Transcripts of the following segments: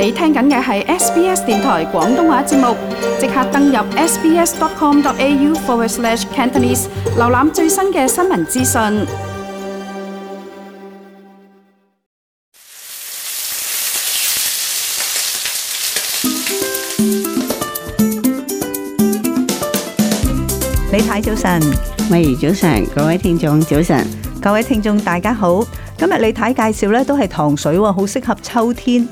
你聽緊嘅係 SBS 電台廣東話節目，即刻登入 sbs.com.au/cantonese 瀏覽最新嘅新聞資訊。李太早晨，美如早晨，各位聽眾早晨，各位聽眾大家好。今日李太介紹咧都係糖水喎，好適合秋天。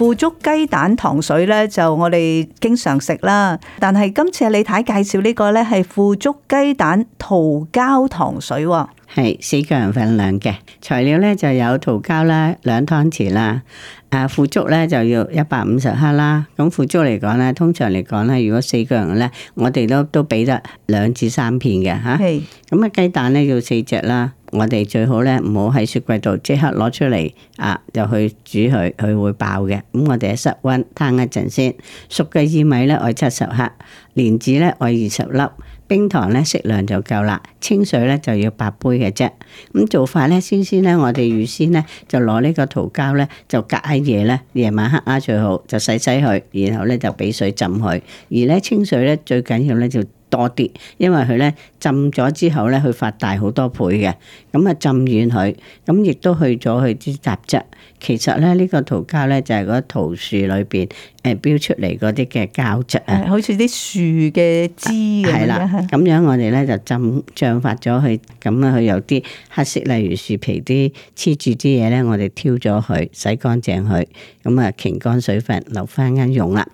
腐竹雞蛋糖水咧就我哋經常食啦，但係今次李太介紹呢個咧係腐竹雞蛋桃膠糖水，係四個人份量嘅，材料咧就有桃膠啦兩湯匙啦，啊腐竹咧就要一百五十克啦。咁腐竹嚟講咧，通常嚟講咧，如果四個人咧，我哋都都俾得兩至三片嘅嚇。係咁啊，雞蛋咧要四隻啦。我哋最好咧唔好喺雪櫃度即刻攞出嚟，啊又去煮佢，佢會爆嘅。咁、嗯、我哋喺室溫攤一陣先。熟嘅薏米咧，愛七十克；蓮子咧，愛二十粒；冰糖咧，適量就夠啦。清水咧就要八杯嘅啫。咁、嗯、做法咧，先先咧，我哋預先咧就攞呢個桃膠咧，就隔喺夜咧，夜晚黑啊最好，就洗洗佢，然後咧就俾水浸佢。而咧清水咧最緊要咧就。多啲，因為佢咧浸咗之後咧，佢發大好多倍嘅，咁啊浸軟佢，咁亦都去咗佢啲雜質。其實咧，呢個桃膠咧就係嗰桃樹裏邊誒標出嚟嗰啲嘅膠質啊，好似啲樹嘅枝咁係啦，咁樣我哋咧就浸漲發咗佢，咁啊佢有啲黑色，例如樹皮啲黐住啲嘢咧，我哋挑咗佢，洗乾淨佢，咁啊擎乾水分，留翻間用啦。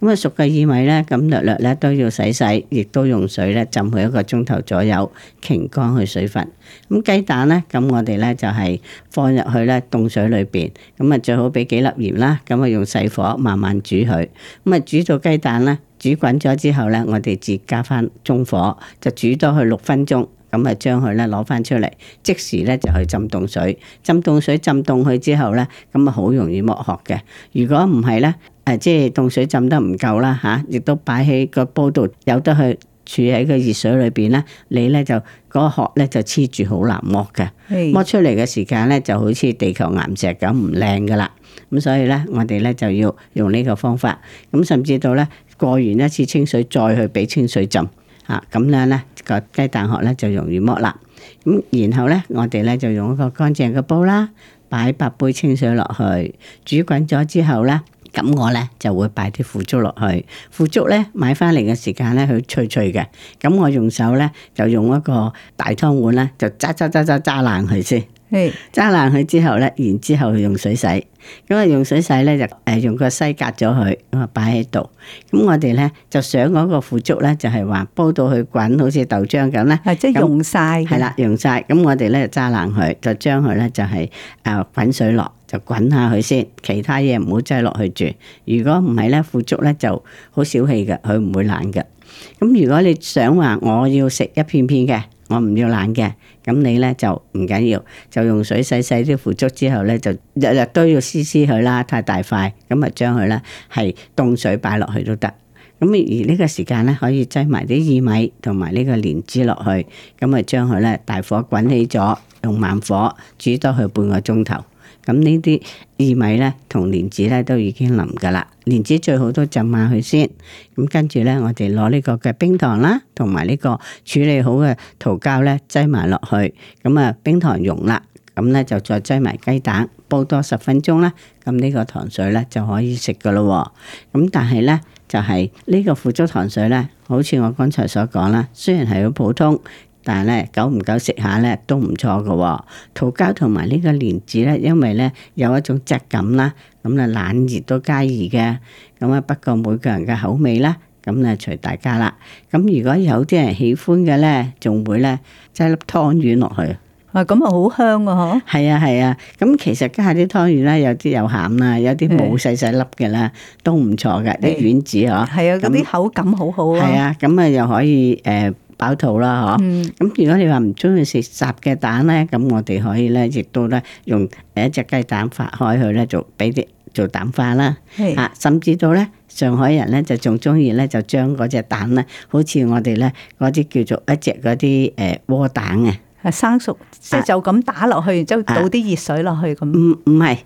咁啊熟嘅薏米咧，咁略略咧都要洗洗，亦都用水咧浸佢一個鐘頭左右，擎乾佢水分。咁雞蛋咧，咁我哋咧就係放入去咧凍水裏邊。咁啊，最好俾幾粒鹽啦，咁啊用細火慢慢煮佢，咁啊煮到雞蛋啦，煮滾咗之後咧，我哋自加翻中火，就煮多佢六分鐘，咁啊將佢咧攞翻出嚟，即時咧就去浸凍水，浸凍水浸凍佢之後咧，咁啊好容易剝殼嘅。如果唔係咧，誒即係凍水浸得唔夠啦吓，亦都擺喺個煲度由得佢。住喺個熱水裏邊咧，你咧，那個、就嗰個殼咧就黐住好難剝嘅，剝是出嚟嘅時間咧就好似地球岩石咁唔靚噶啦。咁所以咧，我哋咧就要用呢個方法，咁甚至到咧過完一次清水再去俾清水浸，吓、啊、咁樣咧個雞蛋殼咧就容易剝啦。咁然後咧，我哋咧就用一個乾淨嘅煲啦，擺八杯清水落去煮滾咗之後咧。咁我呢就會擺啲腐竹落去，腐竹呢買返嚟嘅時間呢佢脆脆嘅，咁我用手呢，就用一個大湯碗呢，就揸揸揸揸揸爛佢先。揸爛佢之後咧，然之後用水洗，咁啊用水洗咧就誒用個篩隔咗佢，咁啊擺喺度。咁我哋咧就想嗰個腐竹咧，就係話煲到佢滾，好似豆漿咁咧，係即係溶晒，係啦溶晒。咁光我哋咧就揸爛佢，就將佢咧就係誒滾水落，就滾下佢先。其他嘢唔好擠落去住。如果唔係咧，腐竹咧就好小氣嘅，佢唔會爛嘅。咁如果你想話我要食一片片嘅。我唔要冷嘅，咁你咧就唔緊要，要，就用水洗洗啲腐竹之後咧，就日日都要撕撕佢啦，太大塊，咁啊將佢咧係凍水擺落去都得。咁啊而呢個時間咧可以擠埋啲薏米同埋呢個蓮子落去，咁啊將佢咧大火滾起咗，用慢火煮多佢半個鐘頭。咁呢啲薏米咧同蓮子咧都已經腍㗎啦，蓮子最好都浸下佢先。咁跟住咧，我哋攞呢個嘅冰糖啦，同埋呢個處理好嘅桃膠咧擠埋落去。咁啊，冰糖溶啦，咁咧就再擠埋雞蛋，煲多十分鐘啦。咁呢個糖水咧就可以食㗎咯。咁但係咧就係、是、呢個腐竹糖水咧，好似我剛才所講啦，雖然係好普通。但係咧，久唔久食下咧都唔錯噶。桃膠同埋呢個蓮子咧，因為咧有一種質感啦，咁啊冷熱都皆宜嘅。咁啊，不過每個人嘅口味啦，咁啊隨大家啦。咁如果有啲人喜歡嘅咧，仲會咧擠粒湯圓落去。啊，咁啊好香啊！吓，係啊係啊。咁其實家下啲湯圓咧，有啲有餡啦，有啲冇細細粒嘅啦，都唔錯嘅啲丸子嗬。係啊，嗰啲口感好好。係啊，咁啊又可以誒。飽肚啦，嗬、嗯。咁如果你話唔中意食雜嘅蛋咧，咁我哋可以咧，亦都咧用一隻雞蛋發開佢咧，就俾啲做蛋花啦。係是啊，甚至到咧上海人咧就仲中意咧就將嗰隻蛋咧，好似我哋咧嗰啲叫做一隻嗰啲誒窩蛋嘅。就是、啊，生熟即係就咁打落去，就倒啲熱水落去咁。唔唔係，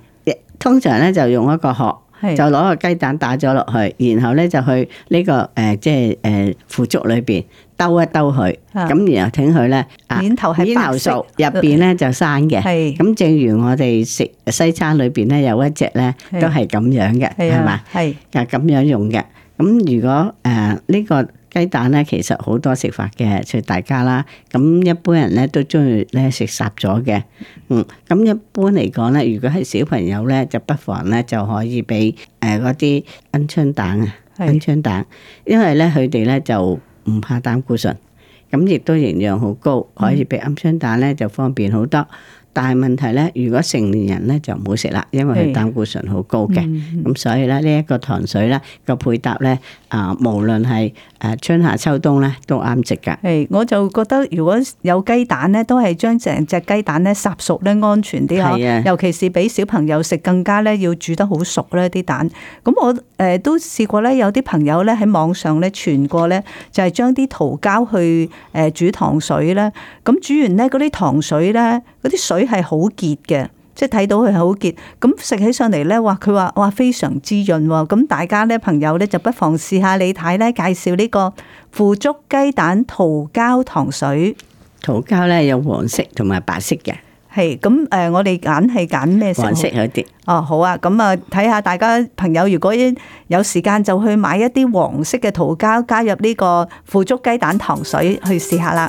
通常咧就用一個殼。是就攞個雞蛋打咗落去，然後咧就去呢、這個誒、呃、即係誒腐竹裏邊兜一兜佢，咁、啊、然後整佢咧。啊、面頭係白色，入邊咧就生嘅。咁是正如我哋食西餐裏邊咧有一隻咧是都係咁樣嘅，係嘛是？係就咁樣用嘅。咁、嗯、如果誒呢、呃這個。雞蛋咧其實好多食法嘅，即係大家啦，咁一般人咧都中意咧食烚咗嘅。嗯，咁一般嚟講咧，如果係小朋友咧，就不妨咧就可以俾誒嗰啲鵪鶉蛋啊，鵪鶉是蛋，因為咧佢哋咧就唔怕膽固醇，咁亦都營養好高，可以俾鵪鶉蛋咧就方便好多。但係問題咧，如果成年人咧就唔好食啦，因為佢膽固醇好高嘅。咁的所以咧，呢一個糖水咧個配搭咧，啊，無論係誒春夏秋冬咧都啱食噶。誒，我就覺得如果有雞蛋咧，都係將成隻雞蛋咧烚熟咧安全啲。啊的，尤其是俾小朋友食更加咧要煮得好熟咧啲蛋。咁我誒都試過咧，有啲朋友咧喺網上咧傳過咧，就係將啲桃膠去誒煮糖水咧。咁煮完咧嗰啲糖水咧，嗰啲水。係好結嘅，即係睇到佢好結，咁食起上嚟咧，話佢話哇非常滋潤，咁大家咧朋友咧就不妨試下李太咧介紹呢個腐竹雞蛋桃膠糖水。桃膠咧有黃色同埋白色嘅，係咁誒，我哋揀係揀咩色？黃色有啲哦，好啊，咁啊睇下大家朋友如果有時間就去買一啲黃色嘅桃膠，加入呢個腐竹雞蛋糖水去試下啦。